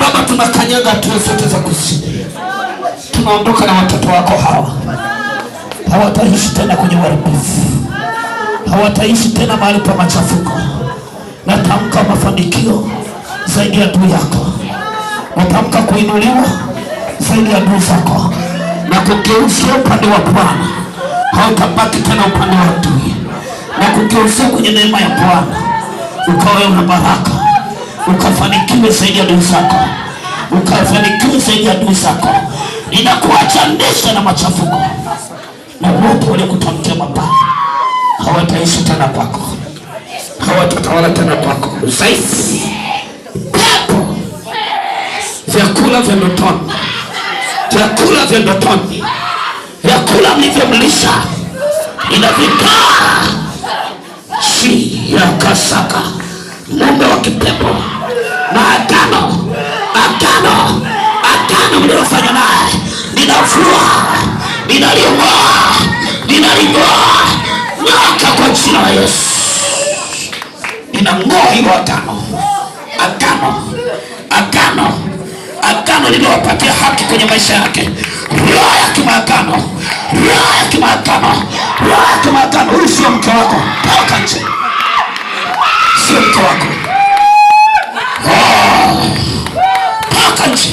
Baba, tunakanyaga hatua zote za kuzimu, tunaondoka na watoto wako hawa. Hawataishi tena kwenye uharibifu, hawataishi tena mahali pa machafuko. Natamka mafanikio zaidi ya adui yako Natamka kuinuliwa zaidi ya adui zako na kugeuzia upande wa Bwana. Hautabaki tena upande wa adui, na kugeuzia kwenye neema ya Bwana, ukawe una baraka, ukafanikiwe zaidi ya adui zako, ukafanikiwe zaidi ya adui zako. Ninakuacha ndesha na machafuko, na wote waliokutamkia mabaya hawataishi tena kwako, hawatatawala tena kwako zaidi vyakula vya ndotoni, vyakula vya ndotoni, vyakula mlivyomlisha inavikaa si kasaka ng'ombe wa kipepo na agano agano agano mliofanya naye, ninavua ninaling'oa ninaling'oa nyoka kwa jina la Yesu, ninang'oa hilo agano alivyowapatia haki kwenye maisha yake. Roho ya kimaagano, roho ya kimaagano, roho ya kimaagano, huyu sio mke wako, toka nje, sio mke wako, ah. toka nje,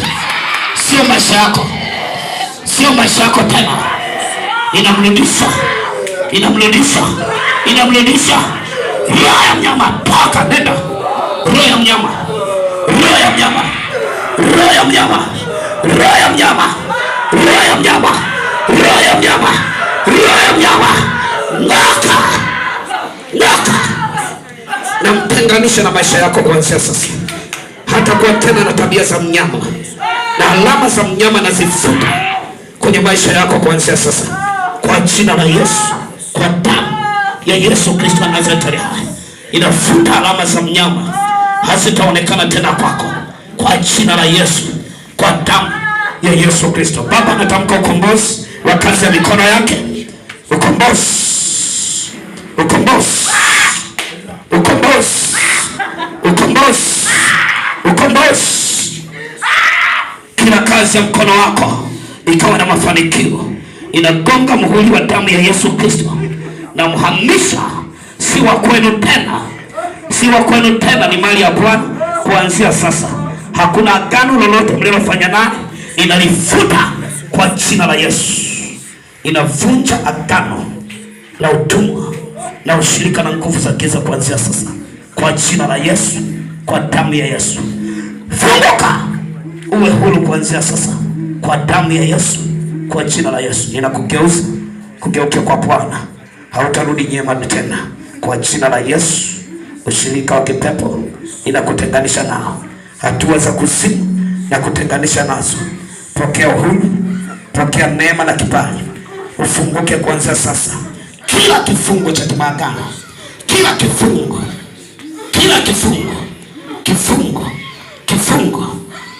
sio maisha yako, sio maisha yako tena. Inamrudisha, inamrudisha, inamrudisha roho ya mnyama, toka, nenda, roho ya mnyama, roho ya mnyama roho ya mnyama, roho ya mnyama, roho ya mnyama, roho ya mnyama, roho ya mnyama, ng'oka, ng'oka, namtenganisha na maisha yako kuanzia sasa. Hata kuwa tena na tabia za mnyama na alama za mnyama nazifuta kwenye maisha yako kuanzia sasa, kwa jina la Yesu, kwa damu ya Yesu Kristo wa Nazareti, inafuta alama za mnyama, hazitaonekana tena kwako kwa jina la Yesu, kwa damu ya Yesu Kristo. Baba, natamka ukombozi wa kazi ya mikono yake, ukombozi, ukombozi, ukombozi, ukombozi, ukombozi. Kila kazi ya mkono wako ikawa na mafanikio, inagonga muhuri wa damu ya Yesu Kristo na mhamisha, si wa kwenu tena, si wa kwenu tena, ni mali ya Bwana kuanzia sasa. Hakuna agano lolote mlilofanya naye inalifuta kwa jina la Yesu. Inavunja agano la utumwa na ushirika na nguvu za giza kuanzia sasa, kwa jina la Yesu, kwa damu ya Yesu. Funguka uwe huru kuanzia sasa, kwa damu ya Yesu, kwa jina la Yesu. Ninakugeuza kugeukia kwa Bwana, hautarudi nyema tena, kwa jina la Yesu. Ushirika wa kipepo inakutenganisha nao hatua za kuzimu na kutenganisha nazo. Pokea uhuru, pokea neema na kibali, ufunguke kuanzia sasa. Kila kifungo cha kimagano, kila kifungo, kila kifungo, kifungo, kifungo,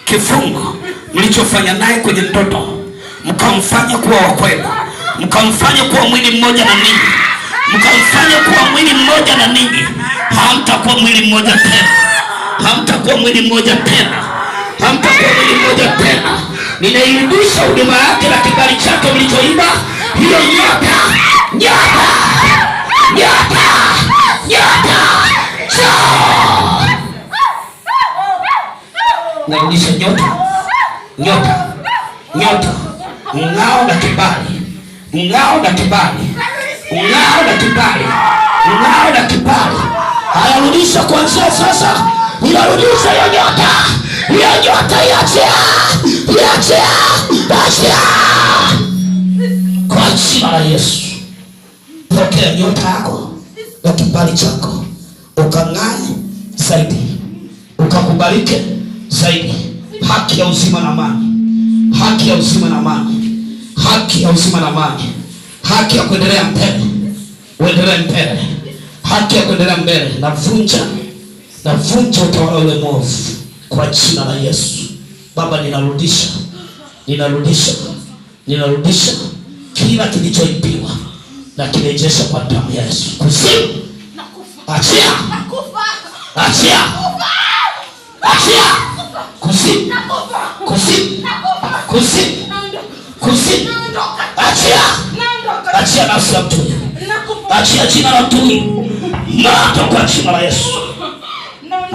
kifungo mlichofanya naye kwenye ndoto, mkamfanya kuwa wa kwenu, mkamfanya kuwa mwili mmoja na ninyi, mkamfanya kuwa mwili mmoja na ninyi, hamtakuwa mwili mmoja tena hamtakuwa mwili mmoja tena, hamtakuwa mwili mmoja tena. Ninairudisha huduma yake na kibali chake mlichoimba, hiyo nyota, nyota, nyota, nyota. cho, Narudisha nyota, nyota, nyota, ng'ao na kibali, ng'ao na kibali, ng'ao na kibali, ng'ao na kibali. Hayarudisha kuanzia sasa ninarudisha hiyo nyota, hiyo nyota iachia, iachia, achia kwa jina la Yesu. Pokea nyota yako na kibali chako, ukang'ae zaidi, ukakubalike zaidi. Haki ya uzima na mani haki ya uzima na mani haki ya uzima na mani haki ya kuendelea mbele, uendelee mbele, haki ya kuendelea mbele. Navunja Navunja utawala ule mwovu kwa jina la Yesu. Baba, ninarudisha, ninarudisha, ninarudisha kila kilichoibiwa na kirejesha kwa damu ya Yesu. Kuzimu, achia, achia, achia, kuzimu, kuzimu, kuzimu, kuzimu, achia, achia nafsi ya mtumi, achia jina la mtumi, nato kwa jina la Yesu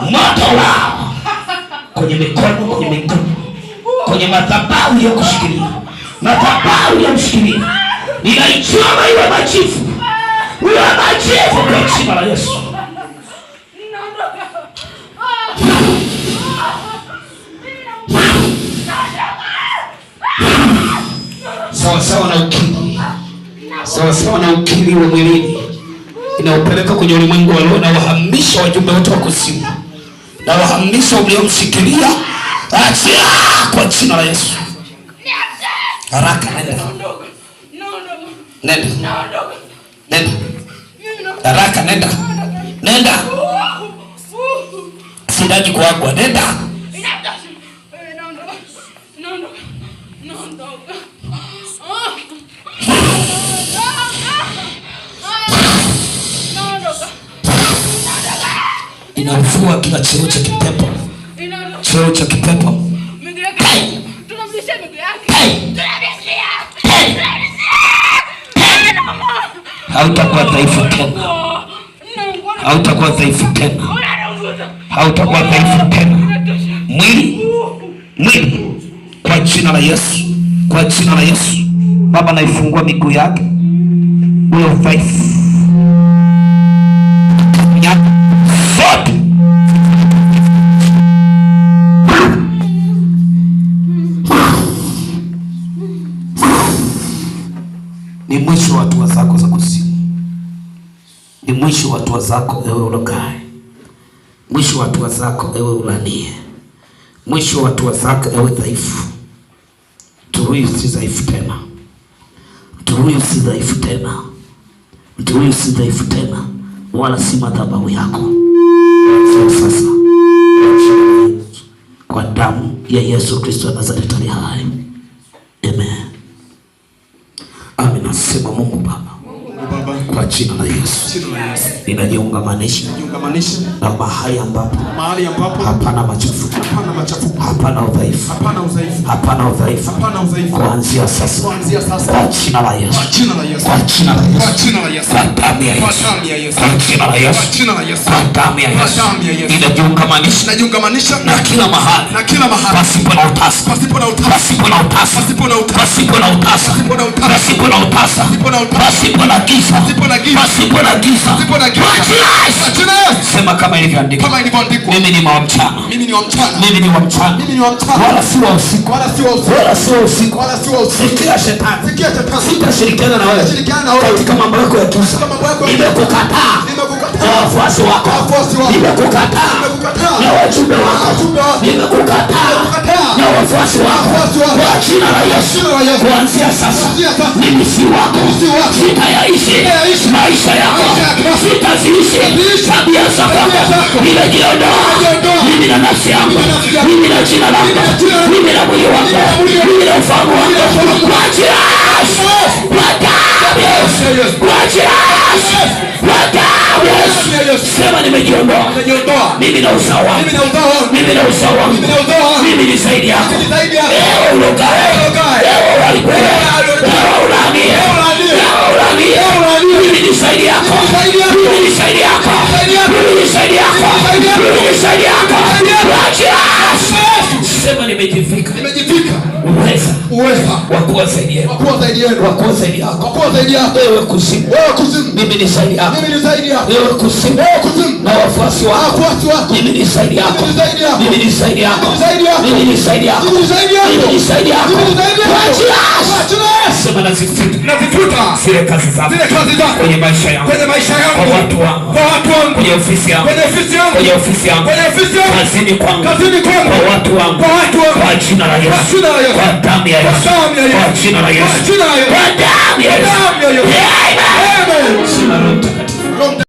moto wao kwenye mikono, kwenye mikono, kwenye madhabahu ya kushikilia, madhabahu ya mshikilia, ninaichoma iwe machifu, iwe machifu kwa jina la Yesu. Sawa sawa na ukimwi, sawa sawa na ukimwi wa mwilini, inaupeleka kwenye ulimwengu wa roho na wahamisha wajumbe wote wa kusimu na uhamisho uliomshikilia achia kwa jina la Yesu. Haraka nenda, nenda, nenda haraka, nenda, nenda, sidaji kuagwa, nenda kuwa kina cheo cha kipepo, cheo cha kipepo hautakuwa dhaifu tena, hautakuwa dhaifu tena, hautakuwa dhaifu tena. Mwili mwili, kwa jina la Yesu, kwa jina la Yesu. Baba, naifungua miguu yake huyo yake mwisho wa hatua zako za kuzimu, ni mwisho wa hatua zako ewe ulokae, mwisho wa hatua zako ewe ulanie, mwisho wa hatua zako ewe dhaifu. Mtu huyu si dhaifu tena, mtu huyu si dhaifu tena, mtu huyu si dhaifu tena, wala si madhabahu yako sasa, kwa damu ya Yesu Kristo Nazareti hai ninajiungamanisha mkamanishe na mahali ambapo mahali ambapo hapana machafu hapana machafu hapana udhaifu hapana udhaifu hapana udhaifu hapana udhaifu kuanzia sasa kuanzia sasa kwa jina la Yesu kwa jina la Yesu kwa jina la Yesu kwa jina la Yesu kwa damu ya Yesu kwa Yesu kwa jina la Yesu kwa jina la Yesu kwa damu ya Yesu kwa damu ya Yesu inajiungamanisha inajiungamanisha na kila mahali na kila mahali pasipo na utasa pasipo na utasa pasipo na utasa pasipo na utasa pasipo na utasa pasipo na utasa pasipo na utasa pasipo na utasa pasipo na kisa pasipo na kisa pasipo na kisa pasipo na kisa Sema kama ilivyoandikwa, kama ilivyoandikwa, mimi ni wa mchana, mimi ni wa mchana, mimi ni wa mchana, mimi ni wa mchana, wala si wa usiku, wala si wa usiku, wala si wa usiku, wala si wa usiku. Sikia shetani, sikia shetani, sitashirikiana na wewe, shirikiana na wewe katika mambo yako ya kisa, mambo yako nimekukataa, nimekukataa, wafuasi wako, wafuasi wako, nimekukataa, nimekukataa, na wajumbe wako, wajumbe wako, nimekukataa na wafuasi wako kwa jina la Yesu. Kuanzia sasa mimi si wako, sitayaishi maisha yako, sitaziishi tabia za zako. Nimejiondoa mimi na nafsi yangu, mimi na jina lako, mimi na mwili wako mimi na ufamu wako kwa jina la Yesu, kwa damu ya Yesu, kwa jina la Yesu, kwa damu ya Yesu. Sema nimejiondoa mimi na uzao wangu, mimi na uzao wangu mimi ni zaidi yako. Leo ulogae, leo unalikula, leo unaamia, leo unaamia, mimi ni zaidi yako, mimi ni zaidi yako, mimi ni zaidi yako, mimi ni zaidi yako. Sema nimejivika katika uweza uweza wa kuwa zaidi yenu, kuwa zaidi yenu, kuwa Wewe kuzimu, wewe kuzimu, mimi ni zaidi yako, mimi ni zaidi yako. Wewe kuzimu, wewe kuzimu, na wafuasi wako, wafuasi wako, mimi ni zaidi yako, mimi ni zaidi yako, mimi ni zaidi yako, mimi ni zaidi yako, mimi ni zaidi yako, mimi ni zaidi yako, mimi ni zaidi yako. Anasema nazifuta, nazifuta zile kazi zako, zile kazi zako kwenye maisha yangu, kwenye maisha yangu, kwa watu wangu, kwa watu wangu, kwenye ofisi yangu, kwenye ofisi yangu, kwenye ofisi yangu, kwenye ofisi yangu, kazini kwangu, kazini kwangu, kwa watu wangu, kwa watu wangu, kwa jina la Yesu, kwa jina la Yesu, kwa damu ya Yesu, kwa damu ya Yesu, kwa jina la Yesu, kwa damu ya Yesu, kwa damu ya Yesu, amen,